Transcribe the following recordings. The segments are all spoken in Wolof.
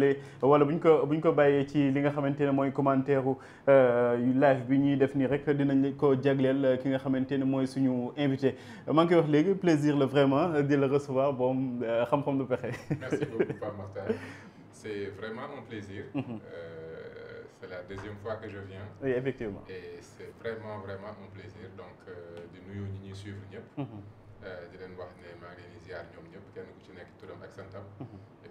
tàmbalee wala bu ñu ko bu ñu ko bàyyee ci li nga xamante ne mooy commentaire euh, live bi ñuy def nii rek dinañ ko jagleel euh, ki nga xamante ne mooy suñu invité maa ngi wax léegi plaisir la vraiment de le recevoir bon euh, xam-xam du pexe. merci beaucoup papa Makhtar c'est vraiment un plaisir. Mm-hmm. euh... C'est la deuxième fois que je viens. Oui, effectivement. Et c'est vraiment, vraiment un plaisir. Donc, di nuyu ñi ñuy suivre ñëpp. Mm-hmm. di leen wax ne maa ngi leen di ziar ñoom ñëpp kenn ku ci nekk turam ak santam. Mm-hmm.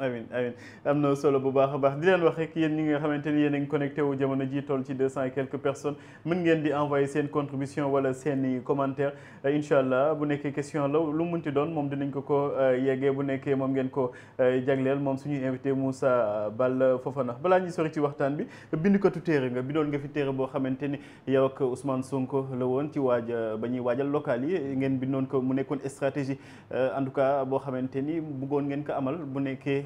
amin amin am na solo bu baax a baax di leen wax rek yéen ñi nga xamante ni ngi connecté wu jamono ji toll ci deux cent et quelques personnes mën ngeen di envoyé seen contribution wala seen i commentaire euh, incha allah bu nekkee question la lu munti doon moom dinañ ko ko euh, yeggee bu nekkee moom ngeen ko euh, jagleel moom suñuy invité Moussa Bal Fofana balaa ñuy sori ci waxtaan bi bindkatu téere nga bindoon nga fi téere boo xamante yow ak Ousmane Sonko Le woon ci waaj ba ñuy waajal local yi ngeen bindoon ko mu nekkoon stratégie en tout cas boo xamante ni bëggoon ngeen ko amal bu nekkee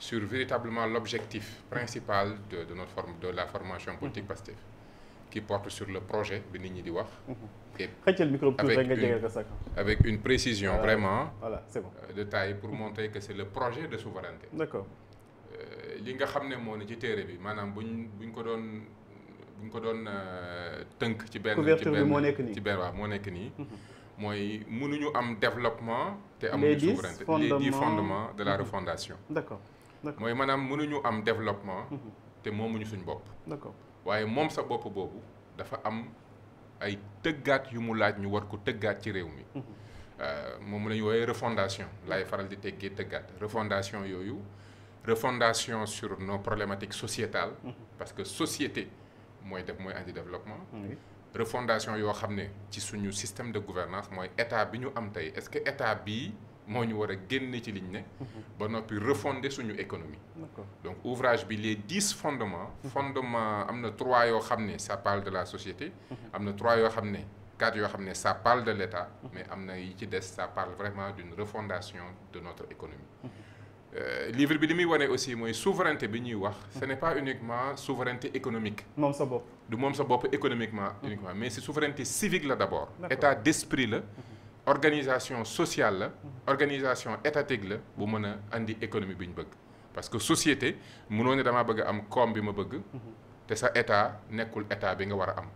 sur véritablement l'objectif principal de, de, notre forme, de la formation politique mhm. PASTEF, qui porte sur le projet de Nini Diwar, avec, une précision vraiment voilà, bon. Euh, de taille pour montrer que c'est le projet de souveraineté. D'accord. Euh, li nga xam ne moo ne ci téere bi buñ buñ ko doon buñ ko doon euh, ci benn couverture bi ci benn wa mo nek ni mhm. moy mënuñu am développement te amuñu souveraineté les dix fondements de la mhm. refondation d'accord moy manam mënuñu am développement. Mhm. té momuñu suñ bop d'accord waye mom sa bop boobu dafa am ay teggat yu mu laaj ñu war ko teggat ci réew mi. Mhm. euh mom ñu woyé refondation lay faral di teggee teggat refondation yoyu, refondation sur nos problématiques sociétales. Mhm. parce que société moy def moy andi développement. refondation yo xamné ci suñu système de gouvernance moy état bi ñu am tay est-ce que état bi nous avons pu ci liñ ne. Mhm. ba noppi refonder suñu économie. donc ouvrage bi les dix fondements. Il y a trois yoo ça parle de la société. Il y a 3 4 quatre ça parle de l'État. Mhm. mais il y a ci ça parle vraiment d'une refondation de notre économie. Mhm. Euh, livre bi dimi aussi moy souveraineté bi ñuy wax ce n'est pas uniquement souveraineté économique ne sa pas, du ne sa pas économiquement uniquement mais c'est souveraineté civique d'abord état d'esprit là organisation sociale organisation étatique c'est bu mën andi économie parce que société mënoo ne damaa bëgg am koom bi ma bëgg l'État, ça, état nekkul état bi nga am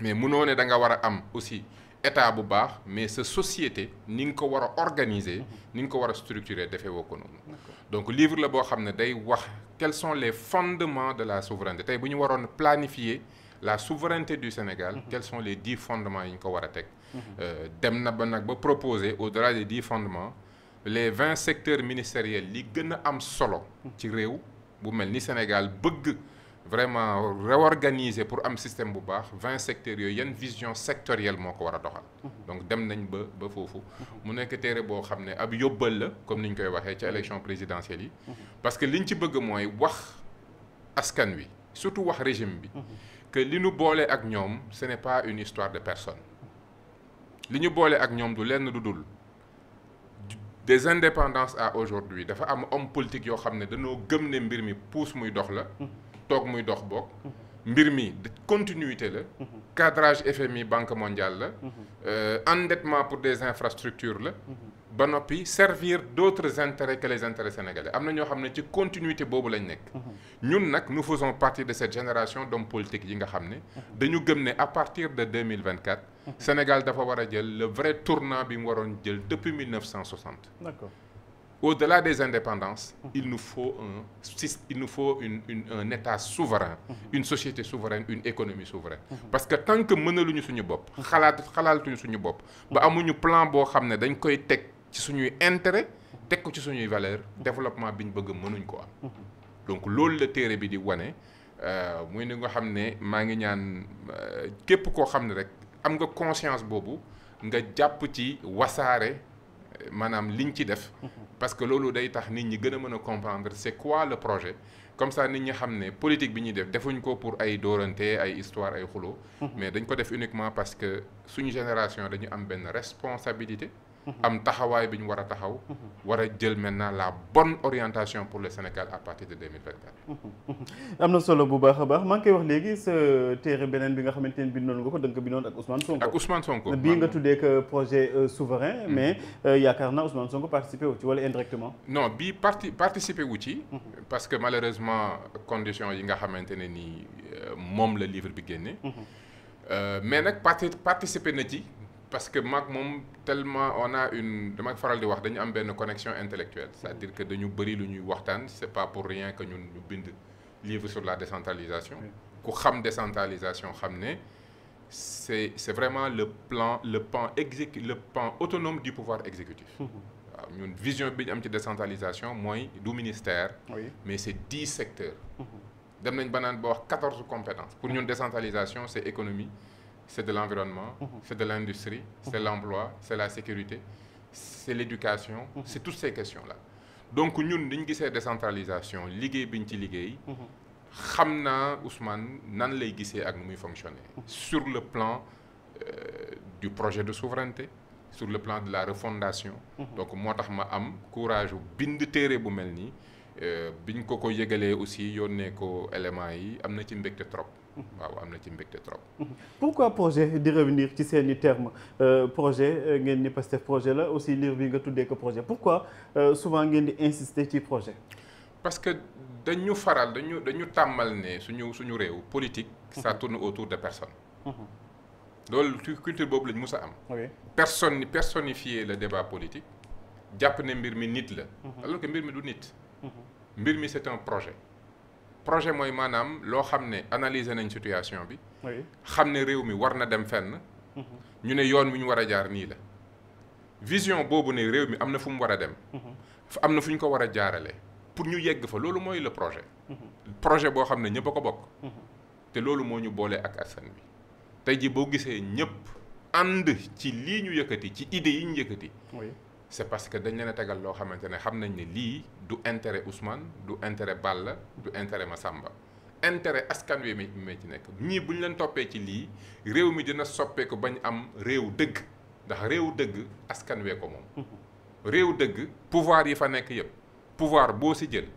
mais mënoo ne da nga war am aussi état bu baax mais cette société ni nga ko organiser ni nga structurer ko donc livre le boo xam quels sont les fondements de la souveraineté Si bu ñu planifier la souveraineté du Sénégal mhm. quels sont les dix fondements yi ñu ko euh, dem na ba nag ba proposer au-delà des 10 fondements les 20 secteurs ministériels li gëna am solo ci réew bu melni Sénégal bëgg vraiment réorganiser pour am système bu baax 20 secteurs yooyu yan vision sectorielle moko wara doxal donc dem nañ ba ba fofu mu nekk téré bo xamné ab yobbal la comme niñ koy waxé ci élection présidentielle yi parce que liñ ci bëgg moy wax askan wi surtout wax régime bi que li nu bolé ak ñom ce n'est pas une histoire de personne ce des indépendances à aujourd'hui dafa am politique yoo xam ne gëm ne mbir mi muy la continuité le cadrage FMI banque mondiale l'endettement euh, endettement pour des infrastructures ba servir d'autres intérêts que les intérêts sénégalais Nous continuité mhm. nous faisons partie de cette génération d'hommes politiques yi nga mhm. à partir de 2024. Mhm. Sénégal dafa avoir le vrai tournant depuis 1960. Au-delà des indépendances, il nous faut, un, il nous faut un État souverain, une société souveraine, une économie souveraine. Parce que tant que nous ne sommes pas, nous ne sommes pas, nous ne sommes pas, nous ne nous faire, ci suñuy intérêt tek ko ci suñuy valeur développement biñ ñu bëgg mënuñ ko am donc loolu la téere bi di euh muy ni nga xamné ma ngi ñaan euh, képp ko xamné rek am nga conscience bobu nga japp ci wasaré euh, manam liñ ci def parce que loolu day tax nit ñi gëna mëna comprendre c'est quoi le projet comme ça nit ñi xamné politique bi ñuy def defuñ ko pour ay doranté ay histoire ay xulo mais dañ ko def uniquement parce que suñu génération dañu am ben responsabilité am taxaway bi wara taxaw. Mhm. wara jël maintenant la bonne orientation pour le Sénégal à partir de 2024. Mhm. am solo bu baakha a baax maa ngi wax légui ce téré benen bi nga xamante ne nga ko da nga ko bindoon ak Ousmane Sonko. ak Ousmane Sonko bi nga tuddee que projet euh, souverain. Mhm. mais euh, yakarna Ousmane Sonko participer ou ci wala indirectement. non bi parti participer wu ci. parce que malheureusement conditions yi nga xamante ni euh, mom le livre bi génne. mais nak participer na ci parce que Mac, tellement on a une connexion intellectuelle c'est-à-dire que dañu briller lu ñuy ce c'est pas pour rien que nous bind livre sur la décentralisation qu'on xam décentralisation c'est c'est vraiment le plan le pan le pan autonome du pouvoir exécutif hum, hum. une vision de la décentralisation moins du ministère mais c'est 10 secteurs hum, dem nañ 14 compétences pour la décentralisation c'est économie c'est de l'environnement, mhm. c'est de l'industrie, c'est mhm. l'emploi, c'est la sécurité, c'est l'éducation, mhm. c'est toutes ces questions-là. Donc nous avons une décentralisation liggéey binti ligue. ci liggéey. Ousmane nan lay gissé ak nu fonctionner. sur le plan euh, du projet de souveraineté sur le plan de la refondation. donc motax ma am courage bu bind téré bu melni euh, biñ ko ko aussi yónnee ko élément yi trop waaw am na ci mbégte trop. pourquoi projet di revenir ci seen i termes euh, projet euh, ngeen ni Pastef projet la aussi liir bi nga tuddee ko projet pourquoi euh, souvent ngeen di insister ci projet. parce que dañu faral dañu dañu tàmmal ne suñu suñu réew politique. ça mhm. tourne autour de personnes. Mhm. loolu culture boobu lañ mus a am. personne personnifier le débat politique jàpp ne mbir mi nit la. Mhm. alors que mbir mi du nit. mbir mi c'est un projet projet moy manam lo xamné analyser nañ situation bi. xamné ne réew mi war na dem fenn. Mhm. ñu yoon mi ñu wara jaar ni la. vision bobu ne réew mi am fu mu wara dem. Mhm. am fuñ ko wara a jaarale pour ñu yegg fa lolu moy le projet. Mhm. projet bo xamné ñepp ko bok té lolu mo ñu bolé ak asan bi tay ji bo gisee ñepp and ci li ñu yëkëti ci idée yi ñu c'est parce que dañ leen a tegal loo xamante ne xam nañ ne lii du intérêt Ousmane du intérêt Balla du intérêt Massamba intérêt askan wi mi mi ci nekk ñii bu ñu leen toppee ci lii réew mi dina soppeeku bañ am réew dëgg ndax réew dëgg askan wee ko moom. réew dëgg pouvoir yi fa nekk yëpp pouvoir boo si jël.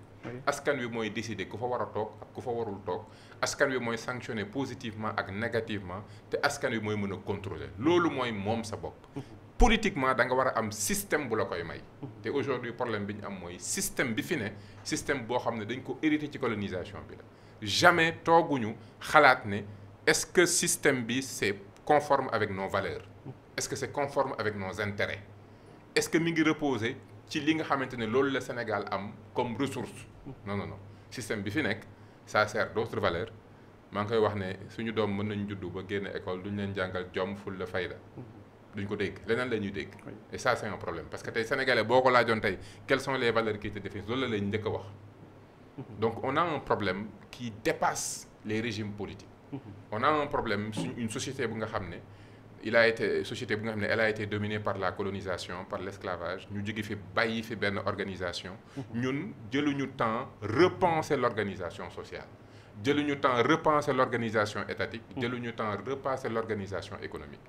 askan wi mooy décider ku fa war a toog ak ku fa warul toog askan wi mooy sanctionner positivement ak négativement te askan wi mooy mën a contrôler loolu mooy moom sa bopp. politiquement da nga wara a am système bu la koy may. té aujourd'hui problème biñ am moy système bi fi né système bo xamné dañ ko hérité ci colonisation bi la. jamais toguñu xalat né est-ce que système bi c'est conforme avec nos valeurs. est-ce que c'est conforme avec nos intérêts. est-ce que mi ngi reposer ci li nga xamante loolu le Sénégal am comme ressource. non non non système bi fi ça sert d'autres valeurs Mais ngi koy wax ne suñu doom mën nañ ba génn école duñ fayda duñ ko dégg et ça c'est un problème parce que tey sénégalais boo ko laajoon quelles sont les valeurs qui étaient définissent loolu la lay mhm. donc on a un problème qui dépasse les régimes politiques. Mhm. on a un problème une société bu nga a été société bu elle a été dominée par la colonisation par l'esclavage. esclavage ñu jóge fi bàyyi fi benn organisation. Mhm. ñun jëluñu temps repenser l'organisation sociale l'union temps repenser l'organisation étatique mm. l'union temps repenser l'organisation économique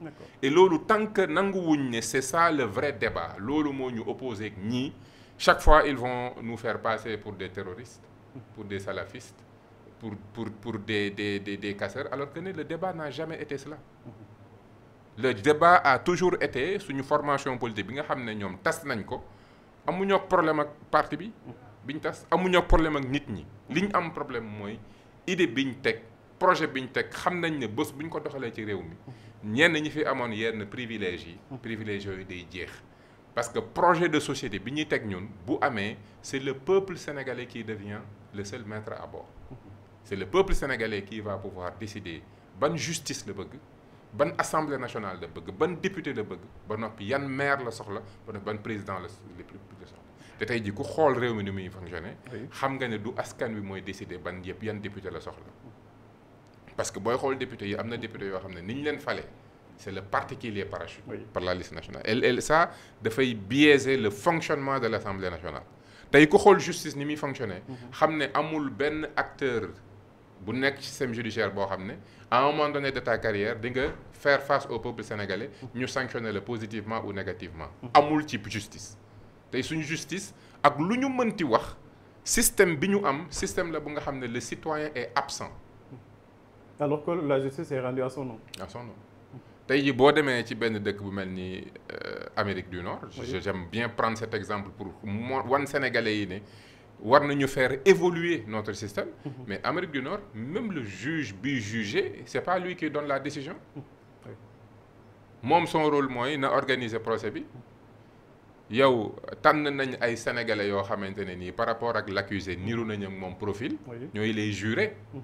et tant que nous ne c'est ça le vrai débat opposé chaque fois ils vont nous faire passer pour des terroristes mm. pour des salafistes pour pour pour des des des, casseurs alors que le débat n'a jamais été cela mm-hmm. le débat a toujours été une formation politique bi nga xam nañ ko amuñoo problème ak parti bi mm. biñ tas amuñoo problème ak nit ñi problème idée biñ tek projet biñ tek xam nañ ne bés buñ ko doxalé ci réew mi ñenn ñi fi amone yenn privilège yi. Mm. privilège yooyu day jeex. parce que projet de société bi tek ñun bu amé c'est le peuple sénégalais qui devient le seul maître à bord. Mm-hmm. c'est le peuple sénégalais qui va pouvoir décider ban justice le bëgg ban assemblée nationale le bëgg ban député le bëgg ba nopi yan maire la soxla ba noppi ban président la la soxla te tey ji ku xool réew mi ni muy fonctionner xam nga pas du askan wi mooy décider ban yëpp yan député la soxla parce que booy xool député yi am na député yoo xam ne ni c'est le particulier qui parachute par la liste nationale et ça fait biaiser le fonctionnement de l'Assemblée nationale tey ku la justice ni muy fonctionner mhm. xam ne amul ben acteur bu nekk ci système judiciaire à un moment donné de ta carrière tu nga faire face au peuple sénégalais mhm. ñu sanctionner le positivement ou négativement mhm. amul ci justice c'est une justice ak lu ñu mënti le système nous avons, le système la bu nga le citoyen est absent. alors que la justice est rendue à son nom. à son nom tey jii boo demee ci benn dëkk bu euh, Amérique du Nord. j'aime bien prendre cet exemple pour moi. wan sénégalais yi ne faire évoluer notre système. Mm-hmm. mais Amérique du Nord même le juge bi jugé c'est pas lui qui donne la décision. Moi, son rôle mooy na le procès bi. Mm-hmm yow tan nañ ay sénégalais yoo xamante ni par rapport ak l'accusé niru nañ ak moom profil. ñooy les jurés. Mmh.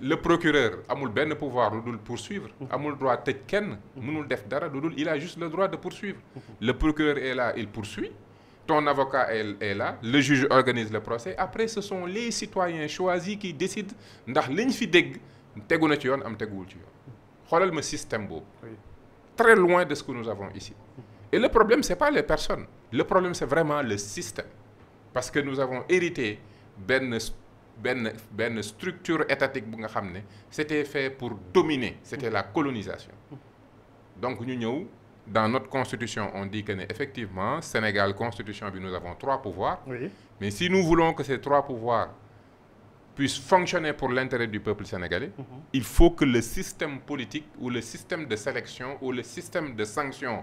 le procureur amul benn pouvoir lu dul poursuivre. Mmh. amul droit tëj kenn. mënul mmh. def dara lu dul il a juste le droit de poursuivre. le procureur est là il poursuit. ton avocat est, là le juge organise le procès après ce sont les citoyens choisis qui décident ndax liñ fi dégg tegu na ci yoon am teguwul ci yoon xoolal ma système boobu. très loin de ce que nous avons ici. Et le problème, ce n'est pas les personnes. Le problème, c'est vraiment le système. Parce que nous avons hérité d'une ben, structure étatique. C'était fait pour dominer. C'était la colonisation. Donc, nous, dans notre constitution, on dit que effectivement, Sénégal, constitution, nous avons trois pouvoirs. Mais si nous voulons que ces trois pouvoirs puissent fonctionner pour l'intérêt du peuple sénégalais, mhm. il faut que le système politique ou le système de sélection ou le système de sanction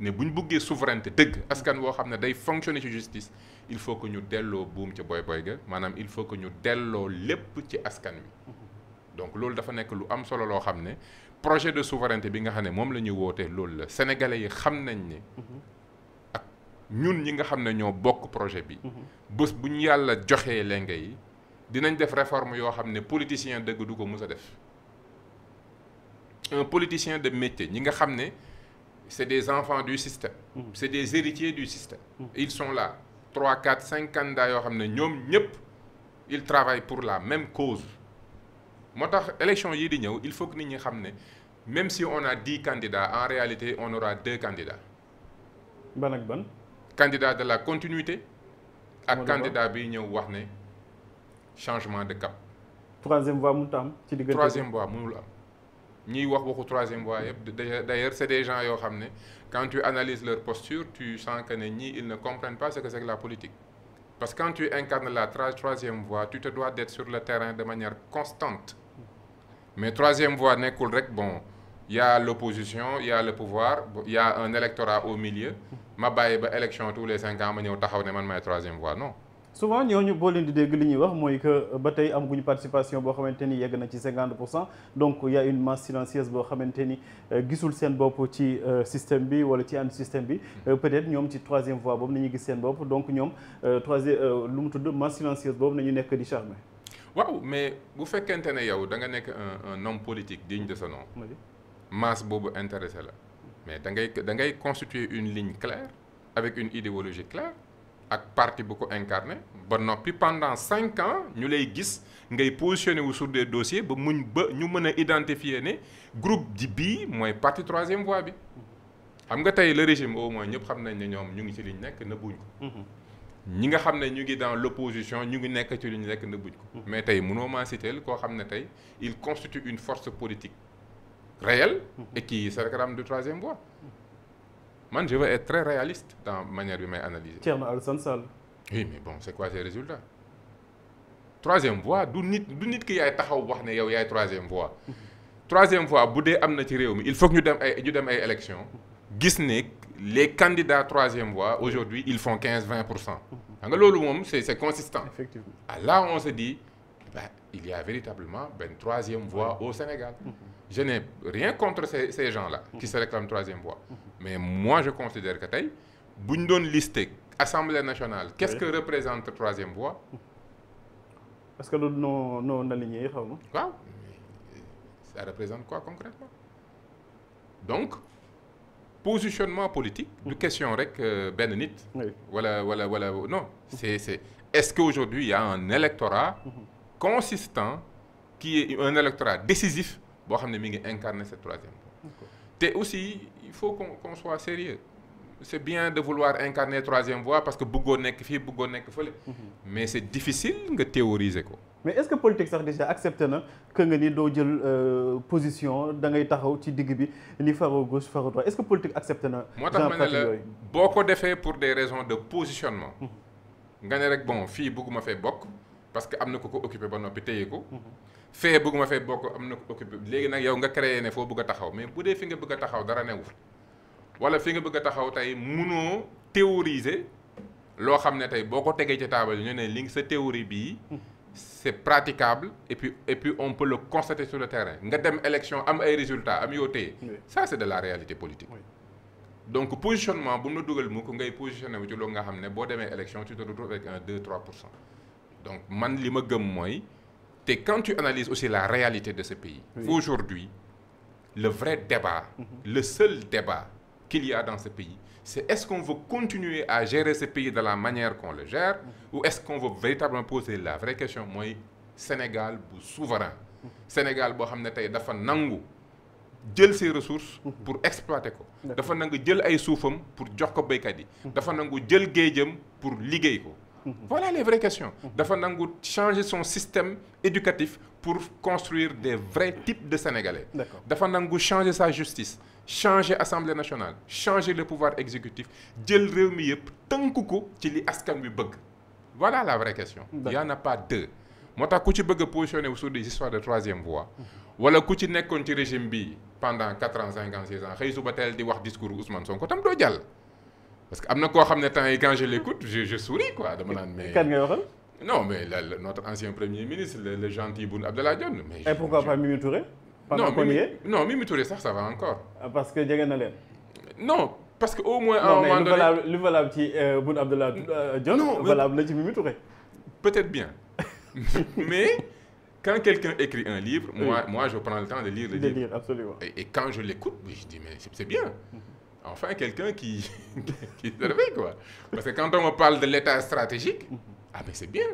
ne buñ buggé souveraineté deug askan wo xamné day fonctionner ci justice il faut que ñu delloo boom ci boy boy ga manam il faut que ñu delloo lepp ci askan wi donc lool dafa nek lu am solo lo xamné projet de souveraineté bi nga xamné mom lañu woté lool la sénégalais yi xam nañ ne ak ñun ñi nga xamné ño ñoo bokk projet bi bëss buñ yalla joxé joxee yi dinañ def réforme yo xamné politicien dëgg du ko def un politicien de métier ñi nga xamné c'est des enfants du système. Mm. C'est des héritiers du système. Mm. Ils sont là. 3, 4, 5 candidats ils travaillent pour la même cause L'élection élection il faut que nous ñi même si on a 10 candidats en réalité on aura 2 candidats. ban ak candidat de la continuité. ak candidat bi ñëw wax changement de cap. troisième voie moutam. troisième voie mënul troisième d'ailleurs c'est des gens qui ont ramené. quand tu analyses leur posture tu sens que ne ils ne comprennent pas ce que c'est que la politique parce que quand tu incarnes la troisième voie tu te dois d'être sur le terrain de manière constante mais troisième voie pas rek bon il y a l'opposition il y a le pouvoir il y a un électorat au milieu ma baye ba élection tous les cinq ans mais ñëw taxaw man troisième voie non souvent ñooñu boo leen di dégg li ñuy wax mooy que ba tey amaguñu participation boo xamante ni yegg na ci cinquante pour cent y a une masse silencieuse boo xamante ni euh, gisul seen bopp ci euh, système bi wala ci anti-système bi hmm. euh, peut-être ñoom ci troisième voie boobu nañu gis seen bopp donc ñoom troisième lu mu tudd masse silencieuse boobu nañu nekk di charmer. waaw mais bu fekkente ne yow da nga nekk un nom politique digne de son nom. masse boobu intéressé la mais da ngay da ngay constituer une ligne claire avec une idéologie claire ak parti bu ko incarné ba nopi pendant 5 ans ñu lay gis ngay positionné wu sur des dossiers ba muñ ba ñu mëna identifier né groupe di bi moy parti troisième voie bi xam nga tay le régime au moins ñëpp xam nañ né ñom ñu ngi ci liñ nekk nëbbuñ ko mhm. ñi nga xam ne ñu ngi dans l'opposition ñu ngi nekk ci liñ nekk nëbbuñ ko mhm. mais tey mënoo maa citer koo xam ne tey il constitue une force politique réelle mhm. et qui se réclame de troisième voie man je veux être très réaliste dans manière bi may analyser. Thierno Alassane Sall. oui mais bon c'est quoi ces résultats. troisième voie du nit du nit ki yaay taxaw wax ne yow yaay troisième voie. troisième voie bu dee am ci réew mi il faut que ñu ayons ay ñu dem ay élections. gis les candidats troisième voie aujourd'hui ils font quinze vingt pour cent. xam nga loolu consistant. effectivement ah, là on se dit. Bah, il y a véritablement une ben, troisième voie au Sénégal. Je n'ai rien contre ces, gens-là qui se réclament troisième voie. Mais moi, je considère que taille, on liste Assemblée nationale, qu'est-ce que représente la troisième voie Parce que nous non aligné. Quoi Ça représente quoi concrètement Donc, positionnement politique, de mm-hmm. question avec ben Voilà, voilà, voilà. Non, mm-hmm. c'est est-ce qu'aujourd'hui il y a un électorat mm-hmm consistant qui est un électorat décisif pour incarner cette troisième voie Et aussi il faut qu'on soit sérieux c'est bien de vouloir incarner troisième voie parce que bëggoo nekk fii bëggoo nekk mhm. mais c'est difficile de théoriser ko mais est-ce que politique sax déjà accepté que nga ni euh, position da ngay taxaw ci digg bi gauche, faro gauche faro droite est-ce que politique accepté na moo tax ma ne la pour des raisons de positionnement mhm. nga ne rek bon faire bëgguma fee parce que amna na ko ko occupé ba noppi téye ko. Mhm. fee bëgguma fee bokk amna ko occupé léegi nak yow nga créer né fo bëgg taxaw mais boudé fi nga bëgg taxaw dara néwul wala fi nga bëgg a taxaw tay mëno théoriser lo xamné tay boko boo ci table ñu né li sa théorie bi mhm. c'est praticable et puis et puis on peut le constater sur le terrain nga dem élection am ay résultats am yoo ça c'est de la réalité politique. donc positionnement bu mu la mu ko ngay positionner wu ci lo nga xamné bo démé élection tu te retrouves avec un 2 3 pour cent donc man li quand tu analyses aussi la réalité de ce pays aujourd'hui le vrai débat mhm. le seul débat qu'il y a dans ce pays c'est est-ce qu'on veut continuer à gérer ce pays de la manière qu'on le gère mhm. ou est-ce qu'on veut véritablement poser la vraie question moi, Sénégal est souverain mhm. Sénégal bo ses ressources pour exploiter ko dafa nangu jël pour jox pour Mhm. Voilà les vraies questions. Mhm. Dafa nangu changer son système éducatif pour construire des vrais types de Sénégalais. Dafa nangu changer sa justice, changer l'Assemblée nationale, changer le pouvoir exécutif, djel réew mi yëpp tënku ko ci li askan bi bëgg. Voilà la vraie question. Il n'y en a pas deux. moo ku ci bëgg positionner positionné wu sur des histoires de troisième voie mhm. wala ku ci nekkoon ci régime bi pendant 4 ans 5 ans 6 ans xëy suba teel di wax discours Ousmane Sonko tam do jall parce que y ko xamné quand je l'écoute je souris quoi dama naan mais. non mais notre ancien premier ministre le, gentil Boun Abdallah mais et pourquoi pas Mimi Touré. non Mimi Touré ça, ça va encore. Ah, parce que jege na non parce qu'au moins. à un moment donné non valable ci euh, Boun Abdallah euh, Diagne, valable ci Mimi Touré. peut-être bien mais. quand quelqu'un écrit un livre, moi, moi je prends le temps de lire le de Lire, absolument. et, quand je l'écoute, je dis, mais c'est bien. Mm-hmm enfin quelqu'un qui, qui servait, quoi. Parce que quand on me parle de l'État stratégique, ah ben c'est bien.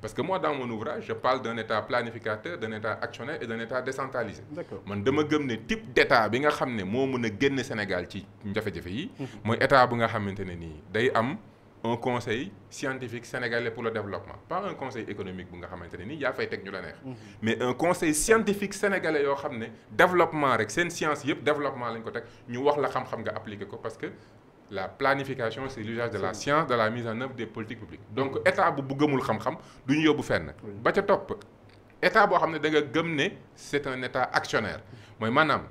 Parce que moi, dans mon ouvrage, je parle d'un État planificateur, d'un État actionnaire et d'un État décentralisé. D'accord. Moi je gëm type d'État bi nga xam ne moo mën a ne Sénégal ci fait des yi. Mhm. Moi État bu nga xamante ne nii day am un conseil scientifique sénégalais pour le développement pas un conseil économique pour nga il y a mais un conseil scientifique sénégalais yoo développement C'est une science le développement nous ko Nous la appliquer parce que la planification c'est l'usage de la science de la mise en œuvre des politiques publiques. donc l'État bu bu gëmul xam-xam faire état c'est un état actionnaire Mais, madame,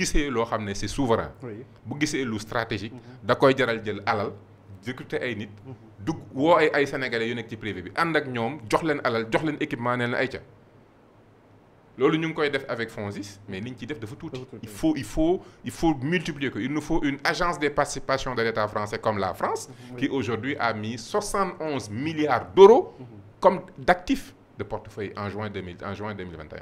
si vous loo c'est souverain bu gisee stratégique mhm. da koy jaral alal recruter ay nit dugg wo ay ay sénégalais yu nekk ci privé bi and ak ñom jox leen alal jox leen équipement neul leen ay ca loolu ñu koy def avec FONSIS mais niñ ci def dafa tout il faut il faut il faut multiplier que il nous faut une agence des participations de l'État français comme la France qui aujourd'hui a mis 71 milliards d'euros mhm. comme d'actifs de portefeuille en juin 2000 en juin 2021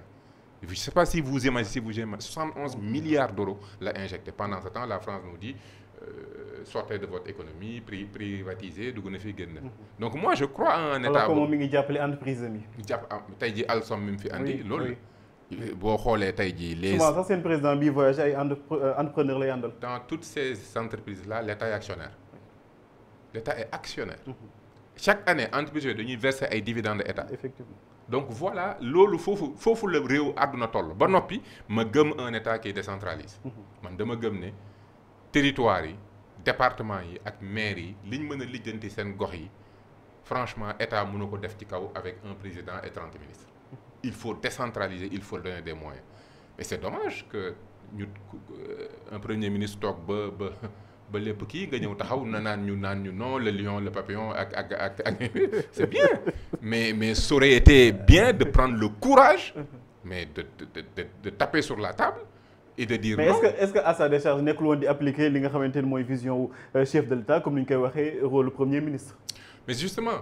je ne sais pas si vous imaginez si vous imaginez 71 milliards d'euros l'a injecté pendant ce temps la France nous dit euh, sortez de votre économie pri privatisé dugg na mhm. donc moi je crois en un état. Comme mi ngi jàppale entreprise am yi. jàpp ah, tey jii Alstom mi mu fi andi. loolu boo xoolee tey jii. c'est souvent sax seen président bii voyage ay euh, entrepreneur lay dans toutes ces entreprises là l'État est actionnaire L'État est actionnaire. Mhm. chaque année entreprise yooyu dañuy verser ay dividendes état. effectivement donc voilà loolu foofu foofu la réew àdduna toll ba noppi ma gëm un état qui décentralise. Mhm. man dama gëm ne territoire départements département mairies, ce maire yi liñ mën franchement l'État ne peut pas ci avec un président et 30 ministres il faut décentraliser il faut donner des moyens mais c'est dommage que euh, un premier ministre soit ba ba ba le lion le papillon c'est bien mais mais ça aurait été bien de prendre le courage mm-hmm. mais de de de taper sur la table mais est-ce qu'à sa décharge appliquer euh, chef de l'État comme premier ministre. mais justement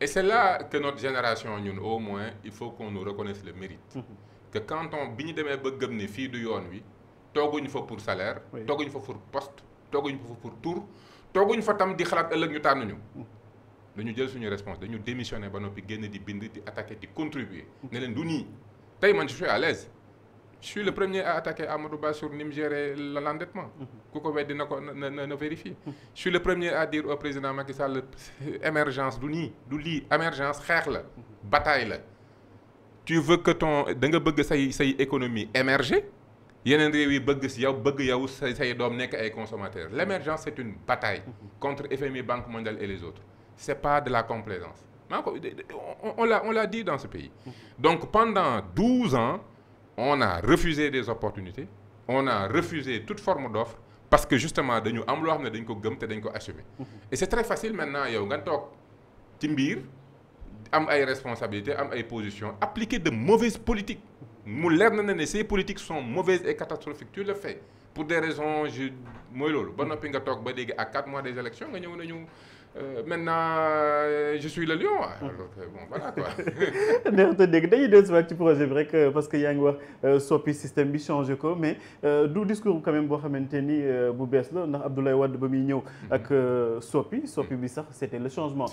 et c'est là que notre génération au moins il faut qu'on nous reconnaisse le mérite. Mhm. que quand on a ba gëm pour salaire. il pour poste pour tour nous fa tam di nous nous, ñu nous mhm. dañu jël suñu réponse dañu démissionner nous avons démissionné, di attaquer mhm. je à l'aise je suis le premier à attaquer Amadou Ba sur gérer l'endettement je suis le premier à dire au président Macky Sall émergence du nii du émergence xeex mhm. bataille tu veux que ton économie émerge Il y yi bëgg gens yow bëgg consommateurs mhm. l'émergence c'est une bataille mhm. contre FMI Banque mondiale et les autres Ce n'est pas de la complaisance on l'a on l'a dit dans ce pays donc pendant 12 ans on a refusé des opportunités on a refusé toute forme d'offre parce que justement nous am besoin de nous dañ ko mhm. et c'est très facile maintenant il y timbir, un am ay responsabilités am positions appliquer de mauvaises politiques ces politiques sont mauvaises et catastrophiques tu le fais pour des raisons je ne sais ba à quatre mois des élections nga euh, maintenant, euh, je suis le lion. Alors, hmm. euh, bon, voilà quoi. d'ailleurs tu dégg dañuy dellusiwaat ci projet vrai que euh, parce que yaa ngi wax soppi système bi changé ko mais du discours quand même boo xamante ni bu bees la ndax Abdoulaye Wade ba avec ñëw hmm. ak Bissar c'était hmm. bi sax le changement.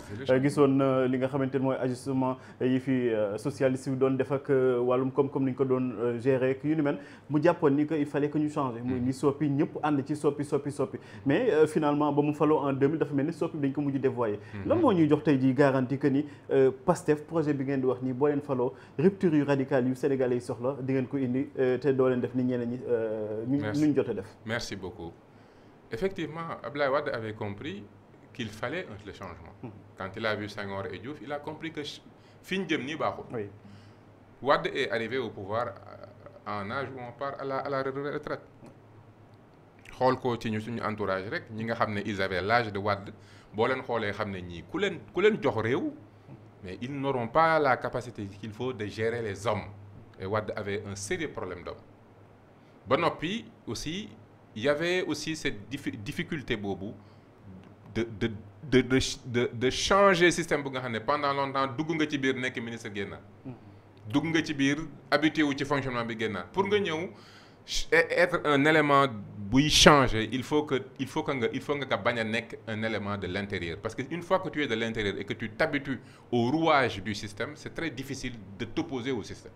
gisoon li nga xamante ni ajustement yi fi socialiste bi doon def ak que koom comme comme ñu ko doon gérer ak yu ni mu ni que il fallait que ñu changé. muy ni soppi ñëpp ànd ci soppi soppi mais finalement ba mu en 2000 dafa mel ni dañ ko de dévoyer. Mhm. lan moo ñuy jox tey jii garantie que ni euh, Pastef projet bi ngeen di wax nii boo rupture radicale yu sénégalais yi soxla di ngeen ko indi euh, te doo leen def ni euh, merci beaucoup effectivement Abdoulaye Wade avait compris qu'il fallait un changement hmm. quand il a vu Senghor et Diouf il a compris que fin de jëm nii Wad est arrivé au pouvoir en âge où on part à la à la retraite xool ko ci ñu suñu entourage rek ñi nga ils avaient l'âge de Wad boo leen xoolee xam ku mais ils n'auront pas la capacité qu'il faut de gérer les hommes et Wade avait un sérieux problème d'hommes ba puis aussi il y avait aussi cette difficulté de de de de de changer système pendant longtemps dugg nga ci biir ministre génna mm-hmm. dugg nga ci habitué wu ci fonctionnement bi pour nga où E-, être un élément oui changer il faut que il faut que il faut que un élément de l'intérieur parce qu'une une fois que tu es de l'intérieur et que tu t'habitues au rouage du système c'est très difficile de t'opposer au système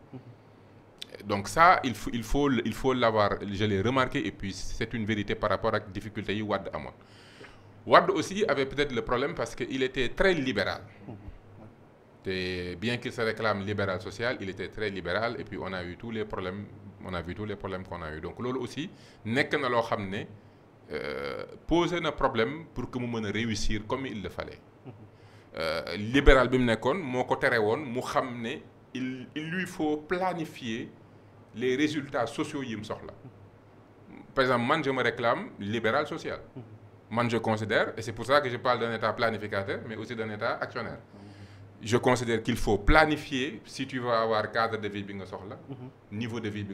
donc ça il faut il faut il faut l'avoir je l'ai remarqué et puis c'est une vérité par rapport à la difficulté de Wade Amon Wade aussi avait peut-être le problème parce qu'il il était très libéral bien qu'il se réclame libéral social il était très libéral et puis on a eu tous les problèmes on a vu tous les problèmes qu'on a eu donc l'autre aussi n'est na alors ramener, poser euh, posé problème pour que nous puissions réussir comme il le fallait mm-hmm. euh, libéral bim Mon côté il lui faut planifier les résultats sociaux soxla mm-hmm. par exemple man je me réclame libéral social mm-hmm. man je considère et c'est pour ça que je parle d'un état planificateur mais aussi d'un état actionnaire je considère qu'il faut planifier si tu veux avoir cadre de vie bi mhm. niveau de vie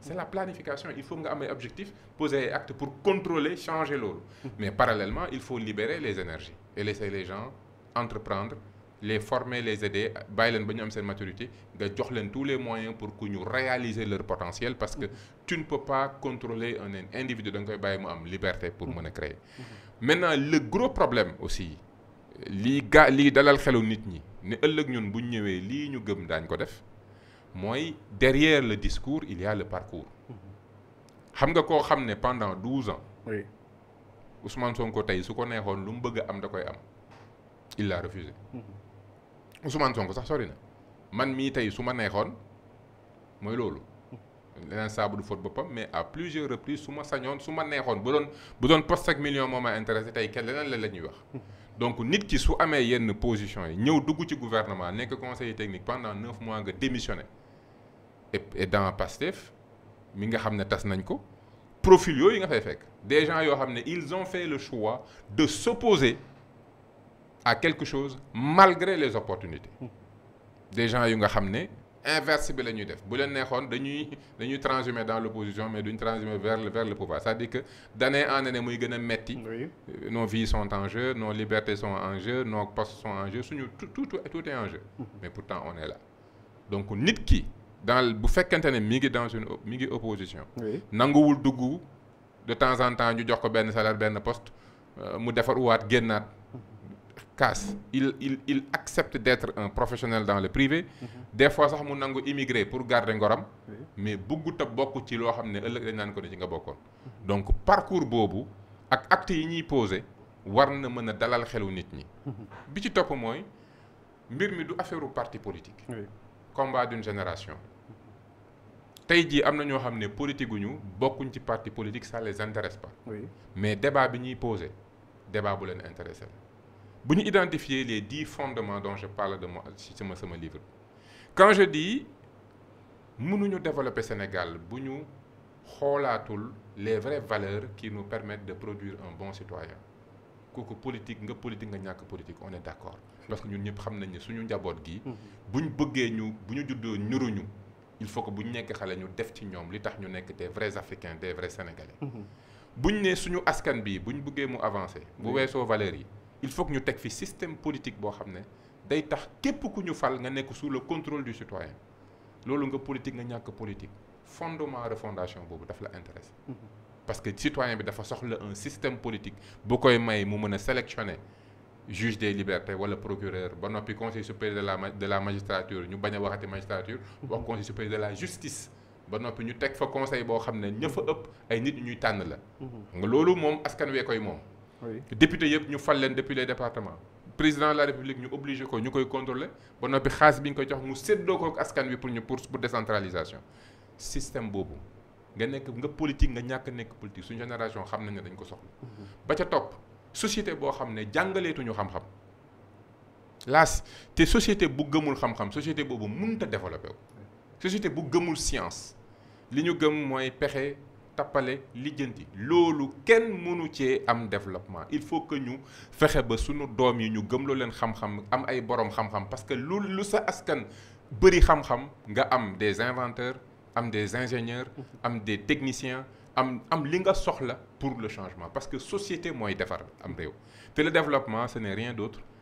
c'est la planification il faut nga am objectif poser acte actes pour contrôler changer l'eau. Mhm. mais parallèlement il faut libérer les énergies et laisser les gens entreprendre les former les aider bàyyi ba maturité de tous les moyens pour que nous réaliser leur potentiel parce que mhm. tu ne peux pas contrôler un individu donc koy liberté pour mon créer maintenant le gros problème aussi li ga li dalal nit ne ëllëg ñun bu ñu ñëwee lii ñu gëm daañ ko def mooy derrière le discours il y a le parcours. xam nga koo xam ne pendant 12 ans. oui Ousmane Sonko tey su ko neexoon lu mu bëgg am da koy am il a refusé. Mhm. Ousmane Sonko sax sori na man mii tey su ma neexoon mooy loolu. leneen saabu du faute boppam mais à plusieurs reprises su ma sañoon su ma neexoon bu doon bu doon poste ak million moo ma intéressé tey kenn leneen la la ñuy wax donc nit ki amené à yenn position ni au dugg ci gouvernement le conseil technique pendant neuf mois que démissionné et dans Pastef passé, nga xam tas profil des gens ils ont fait le choix de s'opposer à quelque chose malgré les opportunités hmm. des gens yu nga inverse bi la ñuy def bu leen neexoon dañuy dañuy transhumer dans l'opposition mais duñ transhumer vers le vers le pouvoir c'est-à-dire que d'année en année muy gën a metti euh, nos vies sont en jeu nos libertés sont en jeu nos postes sont en jeu suñu tout tout tout est en jeu mm-hmm. mais pourtant on est là donc nit ki dans bu fekkente ne mi ngi dans une mi ngi opposition nanguwul dugg de temps en temps ñu jox ko benn salaire benn poste euh, mu defar waat génnaat casse il il il accepte d'être un professionnel dans le privé mhm. des fois il mu nangu immigrer pour garder ngoram mais bëggut a bokk ci loo xam ne ëllëg dañ naan ko ci nga donc parcours boobu ak actes yi ñuy posé war na dalal xelu nit ñi mhm. bi ci topp mooy mbir mi du affaire parti politique combat d'une génération mhm. tey jii am na ñoo politique gu beaucoup bokkuñ ci parti politique ça les intéresse pas mais débat bi ñuy posé débat bu les pas. Si identifier les 10 fondements dont je parle dans mon ci mon livre quand je dis devons développer le Sénégal nous devons les vraies valeurs qui nous permettent de produire un bon citoyen Que politique nga politique nga politique on est d'accord parce que nous devons xam nañ ne suñu njaboot gi mhm. bu ñu ñu bu nous nous... il faut que nous ayons des des vrais africains des vrais sénégalais Si mhm. nous ne suñu askan bi Si ñu mu avancer bu il faut que nous ayons un système politique pour que nous day sous le contrôle du citoyen Ce nga politique nga que politique fondement de la fondation la intéresse mhm. parce que citoyen bi dafa un système politique bu koy may mu le juge des libertés ou le procureur le conseil supérieur de la de la magistrature ñu bañ de waxati magistrature mhm. wax conseil supérieur de la justice ba noppi ñu le conseil supérieur de la justice, nous ëpp ay nit ñuy tànn la mhm. nga loolu mom, askan député Députés, ñu font depuis les départements président de la république nous obligé ko contrôler nous pour pour décentralisation système politique nga politique génération La mhm. société bo ne xam-xam la société bu xam-xam société La société bu gëmul science liñu gëm tappale lijjanti loolu ken munu ci am développement il faut que ñu fexé ba suñu doom yi ñu lo leen xam-xam am ay borom xam-xam parce que lu lu sa askan bëri xam-xam nga am des inventeurs am des ingénieurs mhm. am des techniciens am am li nga soxla pour le changement parce que société moy défar am rew te le développement ce n'est rien d'autre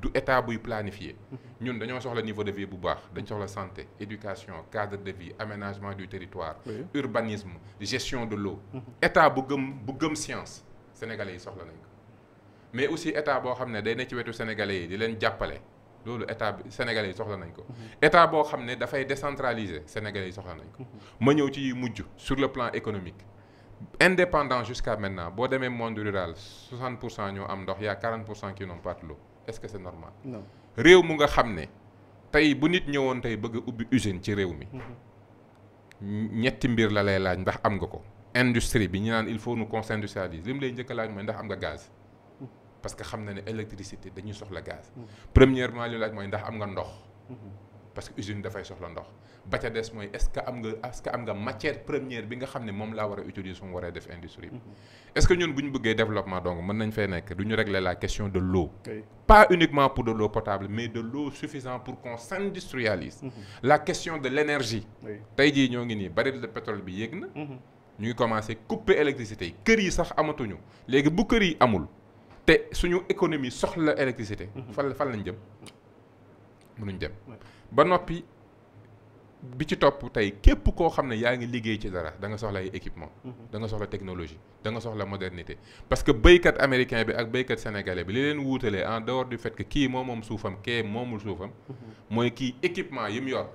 du état planifié ñun avons le niveau de vie bu baax dañ soxla santé éducation cadre de vie aménagement du territoire urbanisme gestion de l'eau mhm. état bu gëm bu gëm science sénégalais soxla nañ mais aussi état boo xam ne day ne ci sénégalais yi di leen jàppale loolu état sénégalais l'état soxla nañ ko mhm. état boo xam ne décentraliser sénégalais yi soxla nañ ko mhm. ma ñëw ci sur le plan économique indépendant jusqu'à maintenant boo demee monde rural 60 ont de l'eau am y a 40 qui n'ont pas l'eau est-ce que c'est normal réew mu nga xam ne tey bu nit ñëwoon tey bëgg ubbi usine ci réew mi mhm. ñetti mbir la lay laaj ndax am nga ko industrie bi ñu naan il faut nous consindustrialiser li mu lay njëkk laaj mooy ndax am nga gaz mhm. parce que xam na ne électricité dañuy soxla gaz mhm. premièrement li laaj mooy ndax am nga ndox parce que usine dafay soxla ndox ba ca des moy est-ce que am nga est-ce que am nga matière première bi nga xamné mom la wara utiliser su wara def industrie mm-hmm. est-ce que ñun buñ ñu développement donc mën nañ fay nek duñu régler la question de l'eau pas uniquement pour de l'eau potable mais de l'eau suffisante pour qu'on s'industrialise mm-hmm. la question de l'énergie tay jii ñoo ngi baril de pétrole bi yéeg na mm-hmm. commencé couper électricité kër yi sax amatuñu légui bu kër yi amul té suñu économie soxla électricité fal fal lañ jëm mënuñ jëm ba noppi bi ci topp tey képp koo xam ne yaa ngi liggéey ci dara da nga soxla ay équipement mhm. da nga soxla technologie da nga soxla modernité parce que béykat américain bi ak béykat sénégalais bi li leen wuutalee en dehors du fait que kii moom moom suufam kee moomul suufam mhm. mooy kii équipement yi mu yor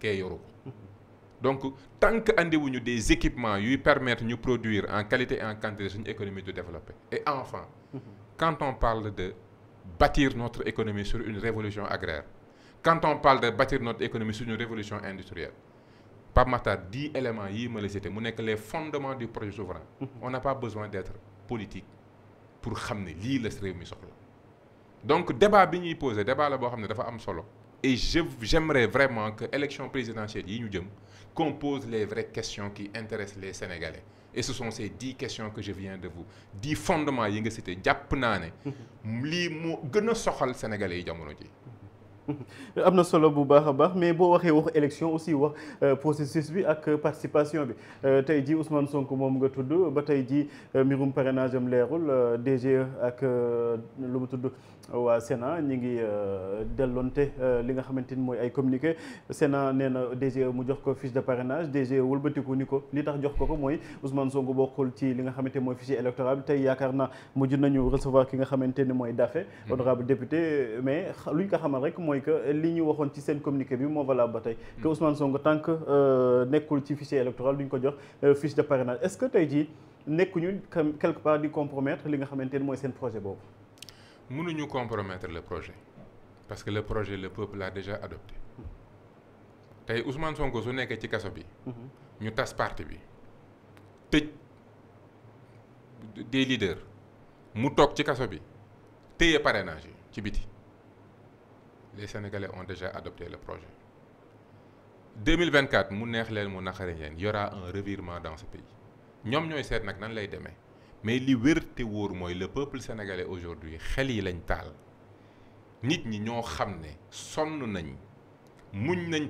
kee yoru ko mhm. donc tant que wuñu des équipements yuy permettre ñu produire en qualité et en quantité une économie du développer et enfin quand on parle de bâtir notre économie sur une révolution agraire quand on parle de bâtir notre économie sur une révolution industrielle, Pape mata 10 éléments, les fondements du projet souverain. Mhm. On n'a pas besoin d'être politique pour savoir ce que nous Donc, le débat que posé, le débat que et j'aimerais vraiment que l'élection présidentielle qu'on pose les vraies questions qui intéressent les Sénégalais. Et ce sont ces dix questions que je viens de vous. Dix fondements, c'était, c'était, qui c'était, plus Sénégalais, amna solo bu baax a baax mais bo waxee wax élection aussi wax euh, processus bi ak participation bi euh, tey jii Ousmane Sonko mom nga tudd ba tey jii euh, mbirum parrainage am leerul DGE ak lu mu tudd waa Sénat ñi ngi delonté li nga xamante moy ay communiqué Sénat néna na DGE mu jox ko fiche de parrainage DGE wëlbatiku ni ko li tax jox ko ko moy Ousmane Sonko bokkul ci li nga xamante moy mooy fichier électoral bi tey mu naa nañu recevoir ki nga xamante moy mooy mm-hmm. honorable député mais luñ ko xamal rek mooy mooy que li ñu waxoon ci sen communiqué bi mo valable batay que mm. Ousmane Sonko tant que euh, nekul ci fichier électoral duñ ko jox euh, fiche de parrainage est-ce que tey jii nekkuñu quelque part di compromettre li nga xamantene moy sen seen projet boobu mënuñu compromettre le projet parce que le projet le peuple l'a déjà adopté tay Ousmane Sonko su nekkee ci kasso bi mm-hmm. ñu tas parti bi tej des leaders mu tok ci kasso bi téye parrainage ci biti les Sénégalais ont déjà adopté le projet 2024 il y aura un revirement dans ce pays Nous avons essayé de nan lay mais li wér est wóor le peuple sénégalais aujourd'hui xel lañ taal nit ñi été xam sonn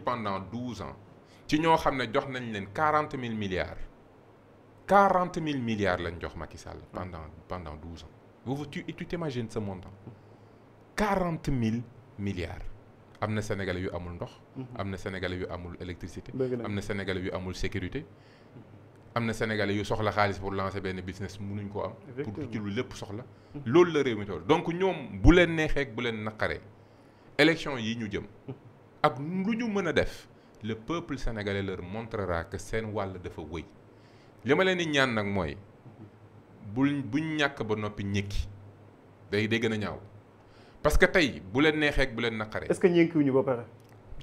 pendant 12 ans ci ñoo été jox 40 000 milliards 40 000 milliards lañ jox Macky Sall pendant 12 ans vous tu tu t'imagines ce montant 40 000 milliards am sénégalais yu amul ndox. Mhm. am sénégalais yu amul électricité. am sénégalais yu amul sécurité. am sénégalais yu soxla xaalis pour lancer benn business mënuñ quoi am. pour tout lu lépp soxla. Mhm. loolu la réew mi toll donc ñoom bu leen neexee bu leen naqaree. élection yi ñu jëm. Mhm. ak lu nous mën def. le peuple sénégalais leur montrera que seen wàll dafa wëy. li ma leen di ñaan nag mooy. bul buñ ñàkk ba noppi ñëkki. day day gën a ñaaw. parce que tey bu leen neexee ak bu leen naqaree. est-ce que ñeenkiwuñu ba pare.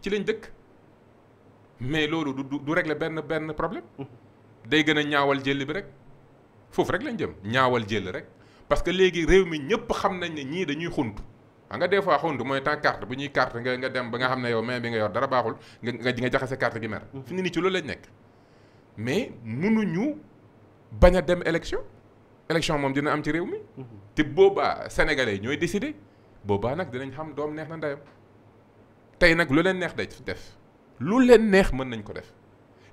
ci lañ dëkk mais loolu du du du régler benn benn problème. Mhm. day gën a ñaawal jël bi rek foofu rek lañ jëm ñaawal jël rek parce que léegi réew mi ñëpp xam nañ ne ñii dañuy xunt. xam nga des fois xunt mooy temps carte bu ñuy carte nga nga dem ba nga xam ne yow mais bi nga yor dara baaxul nga nga nga jaxase carte gi mer. Mhm. fi ni nii ci loolu lañ nekk mais mënuñu bañ a dem élection. élection moom dina am ci réew mi. Mhm. te boobaa sénégalais ñooy décider. Bobanak, nag dinañ xam doom neex na ndeyam tey nak lu leen neex day def lu leen neex mën nañ ko def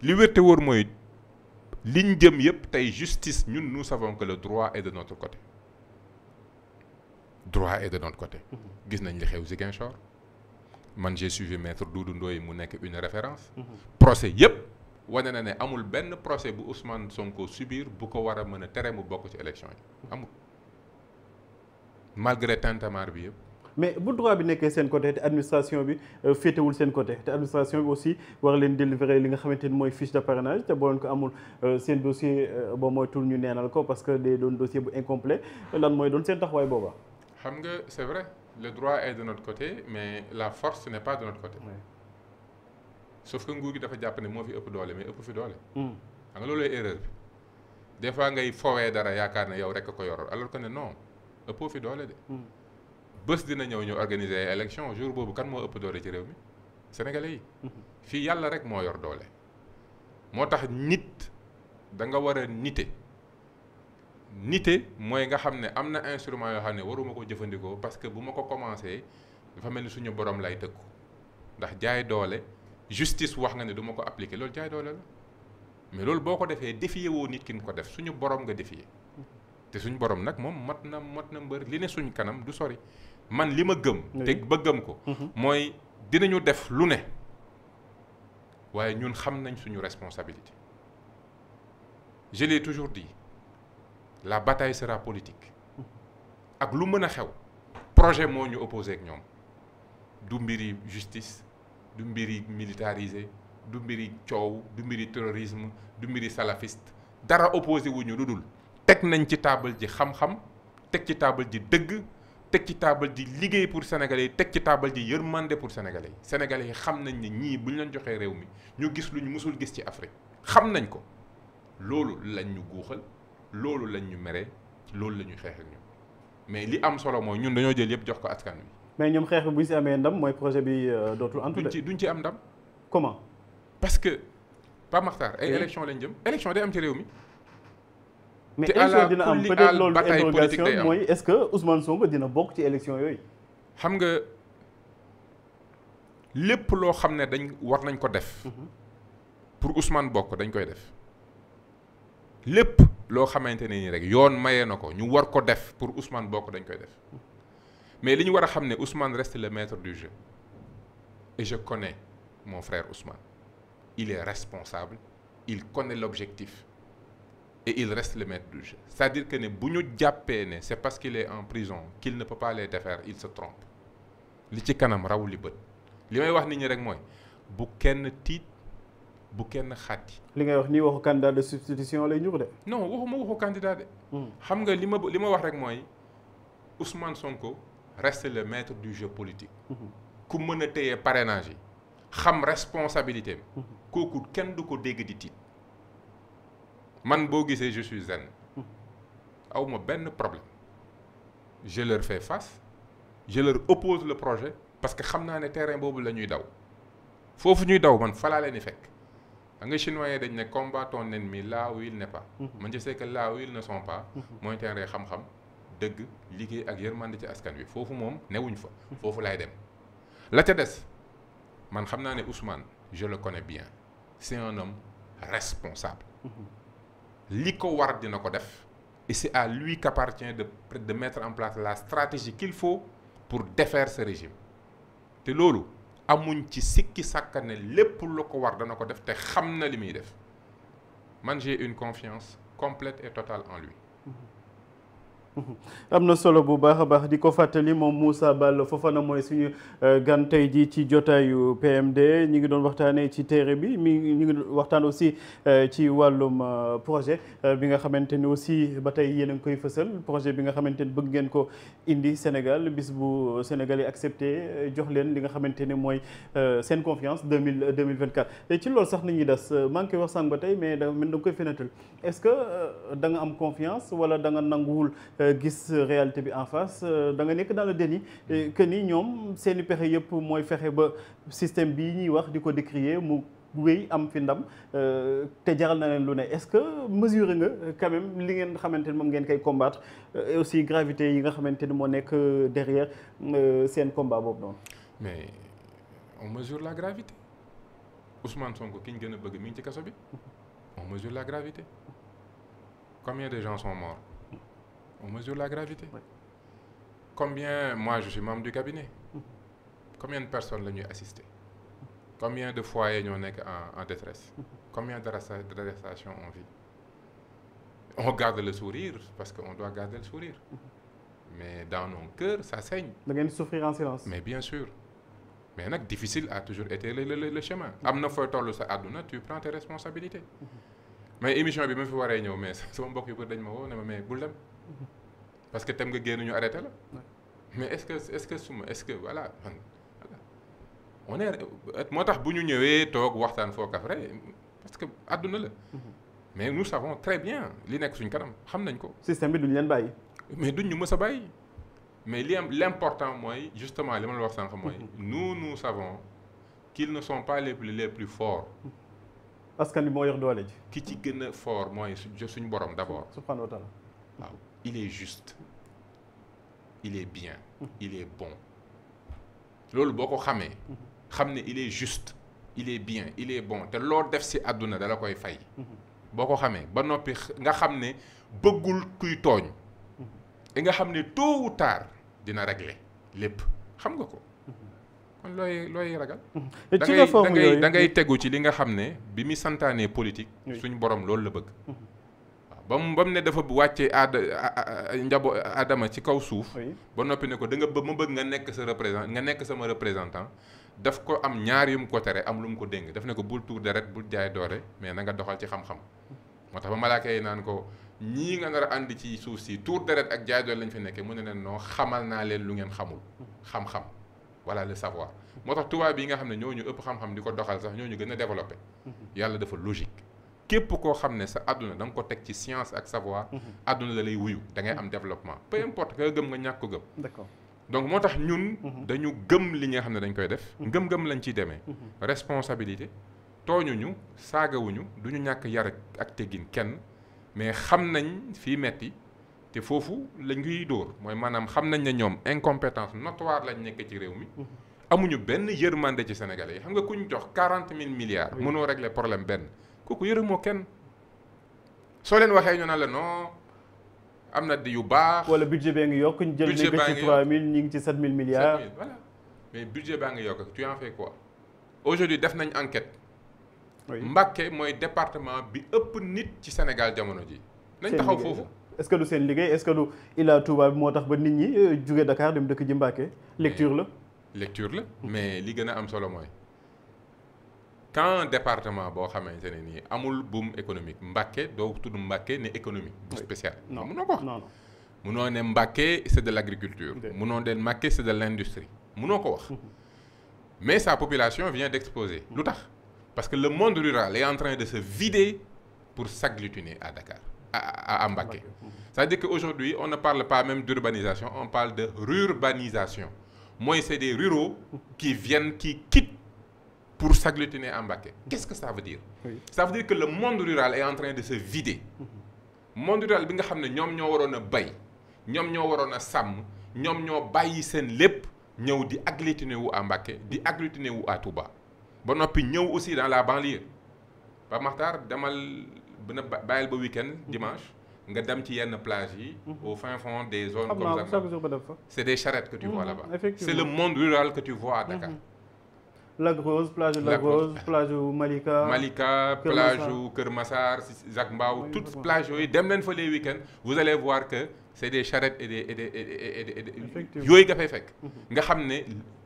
li wér te liñ jëm yépp tey justice ñun nous savons que le droit est de notre côté droit est de notre côté. Mhm. gis nañ li xew Ziguinchor man j'ai suivi maître Doudou Ndoye mu nekk une référence. Mhm. procès yépp wane na ne amul benn procès bu Ousmane Sonko subir bu ko war a mën a tere mu bokk ci élection yi amul malgré tant bi mais bu droit bi nekkee seen côté administration bi euh, fétéwul sen côté administration bi aussi war leen délivrer li nga xamante moy fiche de parrainage te ko amul euh, sen dossier euh, boo tour ñu nénal ko parce que des doon dossier bu incomplet lan mooy doon seen taxawaay boba xam nga c'est vrai le droit est de notre côté mais la force n'est pas de notre côté. Oui. sauf que nguur gi dafa japp né mo fi ëpp doolé mais ëpp fi hmm xam nga lolé erreur bi des fois ngay fowé dara yaakaar ne yow rek ko yoroon alors que ne non. ëppoo fi doole de. Hmm. bés dina ñëw ñu organiser ay jour boobu kan moo ëpp doole ci réew mi sénégalais yi. Hmm. fii yàlla rek moo yor doole. moo tax nit da nga war a nite nite mooy nga xam ne am na instrument yoo xam ne waruma ko jëfandikoo parce que bu ma ko commencé dafa mel ni suñu borom lay ko ndax jaay doole justice wax nga ne du ma ko appliquer loolu jaay doole la mais loolu boo ko defee défier woo nit ki nga ko def suñu borom nga défier. té suñ borom nak mom matna matna mbeur na li ne suñ kanam du sori man lima gëm. té bëggam ko. moy mhm. dinañu def lu né waye ñun xam nañ suñu responsabilité. je l'ai toujours dit la bataille sera politique mhm. ak lu mëna xew projet moo ñu opposé ak ñom du mbiri justice du mbiri militarisé du mbiri ciow du mbiri terrorisme du mbiri salafiste dara opposé wuñu lu teg nañ ci table ji xam-xam tek ci table ji deug tek ci table ji liguey pour sénégalais tek ci table ji yërmande pour sénégalais sénégalais xam nañ ni ñi bu leen joxé réew mi ñu gis luñu musul gis ci Afrique xam nañ ko loolu lañ ñu guuxal loolu lañ ñu méré loolu la ñuy xeex ak ñun mais li am solo moy ñun dañoo jël yépp jox ko askan wi. mais ñom xex bi bu ci si ndam moy projet bi euh, dootul antu de. duñ ci am ndam. comment. parce que Pape martar ay élection lañ jëm élection day am ci réew mi mais élection dina am peut-être interrogation est-ce que Ousmane Sonko dina bok ci élection yoy xam nga lepp lo xamne dañ war nañ ko def. Mhm. pour Ousmane bok dañ koy def lepp lo xamante ni rek yoon mayee nako ñu war ko def pour Ousmane bok dañ koy def mais liñu wara war Ousmane reste le maître du jeu et je connais mon frère Ousmane il est responsable il connaît l'objectif et il reste le maître du jeu. C'est-à-dire que si nous jàppee que c'est parce qu'il est en prison qu'il ne peut pas les faire. il se trompe Ce ci kanam raw li bët li may wax nit ñi rek mooy bu kenn tiit bu kenn xàtti. li ngay wax candidat de substitution lay ñuux non ce waxu candidat de. Hmm. xam nga que je veux dire, wax rek Ousmane Sonko reste le maître du jeu politique. Hmm. ku peut être parrainée. Il a xam responsabilité Il ne peut pas man boo gisee je suis zen aw ma benn problème je leur fais face je leur oppose le projet parce que xam naa ne terrain boobu la ñuy daw foofu ñuy daw man falaa leen di fekk xam nga chinois yi dañ ne combat ton ennemi là où il n'est pas mhm. man je sais que là où ils ne sont pas mhm. mooy terrain xam-xam dëgg liggéey ak yërmande ci askan wi foofu moom newuñ fa mhm. foofu lay dem la ca des man xam naa ne Ousmane je le connais bien c'est un homme responsable liko war def et c'est à lui qu'appartient de mettre en place la stratégie qu'il faut pour défaire ce régime té lolu amuñ ci sikki sakane lepp lu war dana def te xamna limi def man j'ai une confiance complète et totale en lui amna solo bu baax a baax di ko Moussa Ball Fofana moy suñu euh, gan tey jii ci jotaayu PMD ñi ngi doon waxtane ci terre bi mi ngi waxtane aussi euh, ci walum euh, projet bi nga xamante aussi ba tey koy fessel projet bi nga xamante bëgg ngeen ko indi Sénégal bis bu Sénégal yi accepté jox leen li nga xamante moy sen confiance 2000 2024 deux ci lool sax nañuy das maa koy wax sànq ba mais da nga koy fenatul est-ce que da nga am confiance wala da nga nangul euh, gis réalité bi en face euh, da nga nek dans le déni que ni ñom seen i yépp moy fexé ba système bi ñi wax diko décrier mu wéy am fi ndam euh, té jaral na leen lu né est-ce que mesurer nga quand même li ngeen xamante ni ngeen kay combattre et aussi gravité yi nga xamante mo nek derrière seen combat boobu noonu. mais on mesure la gravité Ousmane Sonko ki ñu bëgg mi ci kasso bi on mesure la gravité combien de gens sont morts on mesure la gravité. Combien, moi je suis membre du cabinet, combien de personnes l'ont assisté Combien de foyers nous en, en détresse mmh. Combien d'arrestations on vit On garde le sourire parce qu'on doit garder le sourire. Mais dans nos cœurs, ça saigne. Vous souffrir en silence. Mais bien sûr. Mais nak, difficile a toujours été le, le, le, le chemin. Amna aduna, tu prends tes responsabilités. Mhm. Mais émission je ma waré mais c'est un bon pour parce que tem nga génn ñu arrêté la. mais est-ce que est-ce que est-ce que voilà on est moo tax bu ñu ñëwee toog waxtaan foo kaf rek parce que àdduna la. Mhm. mais nous savons très bien li nekk suñ kanam xam nañ ko. système bi leen bàyyi. mais duñ ñu mës mais l'important mooy justement li ma la wax sànq mhm. nous nous savons qu'ils ne sont pas les plus les plus forts. askan bi moo yor doole ji. ki ci gën a fort mooy suñ borom d'abord. subhanahu wa il est juste il est bien mhm. il est bon C'est boko que je il est juste il est bien il est bon te def ci koy fay mhm. ba nga kuy mhm. nga tard dina régler xam nga ko kon da ngay da ngay ci li nga politique suñ borom la bëgg ba mu ba mu ne dafa wàcce aada njabo Adama ci kaw suuf. ba noppi ne ko da nga bëgg ma bëgg nga nekk sa représentant nga nekk sama représentant. daf ko am ñaari yu mu ko tere am lu mu ko dénk def ne ko bul tuur deret bul jaay doore mais nanga nga doxal ci xam-xam. moo tax ba malaaka yi naan ko ñii nga nar a ci suuf si tuur deret ak jaay doole lañ fi nekkee mu ne leen noo xamal naa leen lu ngeen xamul. xam-xam wala le savoir. moo tax tubaab yi nga xam ne ñoo ñu ëpp xam di ko doxal sax ñoo ñu gën a développé. Mm-hmm. yàlla dafa logique. képp koo xam ne sa aduna da nga ko teg ci science ak savoir. aduna mhm. la lay wuyu da ngay am mhm. développement. peu importe nga gëm nga ñàkk ko gëm. d'accord donc moo tax ñun. Mhm. dañu gëm li nga xam ne dañ koy def. ngëm gëm lañ ci demee. responsabilité tooñuñu saagawuñu duñu ñàkk yar ak teggin kenn mais xam nañ fii metti te foofu lañ ngiy dóor mooy maanaam xam nañ ne ñoom incompétence notoire lañ nekk ci réew mi. amuñu benn yërmande ci Sénégalais yi xam nga kuñ ñu jox quarante mille milliards. mënoo régler problème benn kooku yërëmoo ken so len waxe ñu na la non amna di yu baax. wala budget ba nga yok ñu jël nañ ci 3000 ñu ci 7000 milliards. voilà mais budget ba nga yok tu en fais quoi. aujourd'hui def nañ enquête. oui Mbacké moy département bi ëpp nit ci Sénégal jamono ji. nañ taxaw fofu est-ce que du sen liguey est-ce que du Ila Touba bi moo tax ba nit ñi euh, jóge Dakar dem dëkk ji Mbacké lecture la. lecture la mais li gëna am solo mooy quand un département bo xamante ne amul boom économique Mbacké do tudd Mbacké né économie bu spécial non non Non, non. Mbacké c'est de l'agriculture munoo den Mbacké c'est de l'industrie munoo ko wax mhm. mais sa population vient d'exploser mhm. parce que le monde rural est en train de se vider pour s'agglutiner à Dakar à à Mbacké mhm. c'est-à-dire qu'aujourd'hui on ne parle pas même d'urbanisation on parle de rurbanisation moi c'est des ruraux qui viennent qui quittent pour s'agglutiner en baquet. qu'est-ce que ça veut dire ça veut dire que le monde rural est en train de se vider mhm. monde rural bi nga xam ne ñoom ñoo waroon a bay ñoom ñoo waroon a sàmm ñoom ñoo bàyyi di agglutiner à Mbaké, di agglutiner à Touba ba noppi ñëw aussi dans la banlieue ba Maxtaar demal na bàyyil ba week-end mhm. dimanche nga dem ci yenn plage mhm. au fin fond des zones comme ça. c'est des charrettes que tu vois là-bas. c'est le monde rural que tu vois à Dakar. La Grosse, plage la plage Malika. Malika plage de Massar Jacques Mbao toutes plages oui week vous allez voir que c'est des charrettes et des et des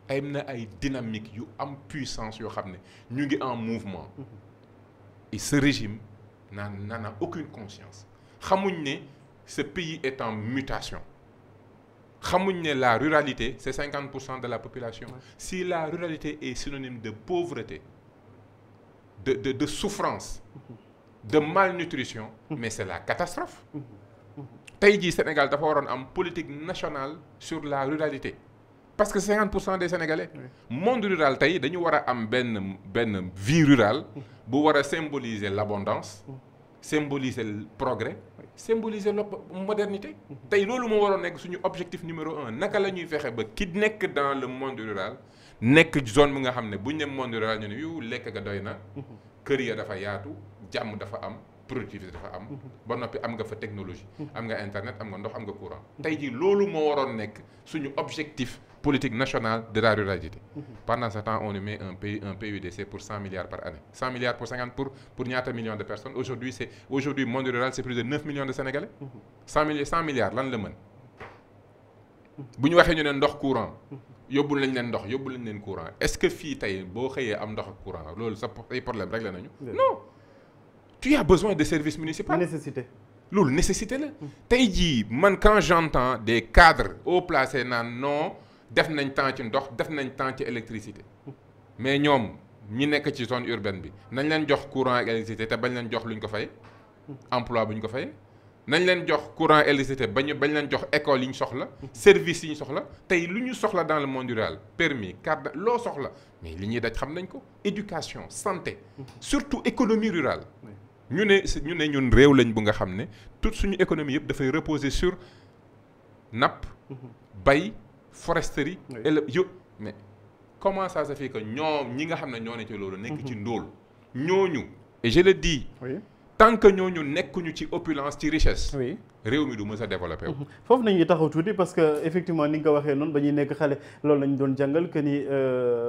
et mhm. dynamique puissance en mouvement. Mhm. et ce régime n'a aucune conscience ce pays est en mutation la ruralité c'est 50% de la population si la ruralité est synonyme de pauvreté de de souffrance de malnutrition mais c'est la catastrophe Taïdi, le Sénégal dafa avoir une politique nationale sur la ruralité parce que 50% des Sénégalais monde rural nous dañu une vie rurale bu symboliser l'abondance symboliser le progrès symboliser la modernité. tey loolu moo waroon nekk suñu objectif numéro un naka la ñuy ba ki dans le monde rural nek zone bi nga xam buñu ne monde rural ñu ne yu lekk ga doyna na. kër ya dafa yaatu jamm dafa am productivité dafa am. ba noppi am nga fa technologie. am nga internet am nga ndox am nga courant. tay ji loolu mo waroon nek suñu objectif politique nationale de la ruralité. Mhm. Pendant ce temps, on émet met un, pays, un PUDC e pour 100 milliards par année. 100 milliards pour 50 pour, pour millions de personnes. Aujourd'hui, c'est aujourd'hui monde rural, c'est plus de 9 millions de Sénégalais. 100, milliards, 100 milliards, l'an le mène. Si nous avons un courant, nous avons un courant est-ce que fii tey boo un courant nous avons problème non tu as besoin de services municipaux nécessité nécessité mhm. quand j'entends des cadres haut placés non def nañ temps ci ndox def nañ temps ci électricité mais ñoom ñi nekk ci zone urbaine bi nañ leen jox courant ak électricité te bañ leen jox luñ ko fay emploi buñ ko fay nañ leen jox courant électricité bañ bañ leen jox école yi ñu soxla service yi ñu soxla tey lu ñu soxla dans le monde rural permis carte loo soxla mais li ñuy daj xam nañ ko éducation santé surtout économie rurale ñu ne ñu ne ñun réew lañ bu nga xam ne toute suñu économie yëpp dafay reposer sur napp bay foresterie. élevage mais comment ça se fait que ñoom ñi nga xamné ne ñoo ne ci lolu nek ci mhm. ndol ñoñu et je le dis. tant que ñoñu nekkuñu ci opulence ci richesse. oui réew mi du mësa développer développé mhm. nañu taxaw tuuti parce que effectivement ni nga waxé non bañu ba ñuy nekk xale loolu lañu doon jangal que ni. Euh,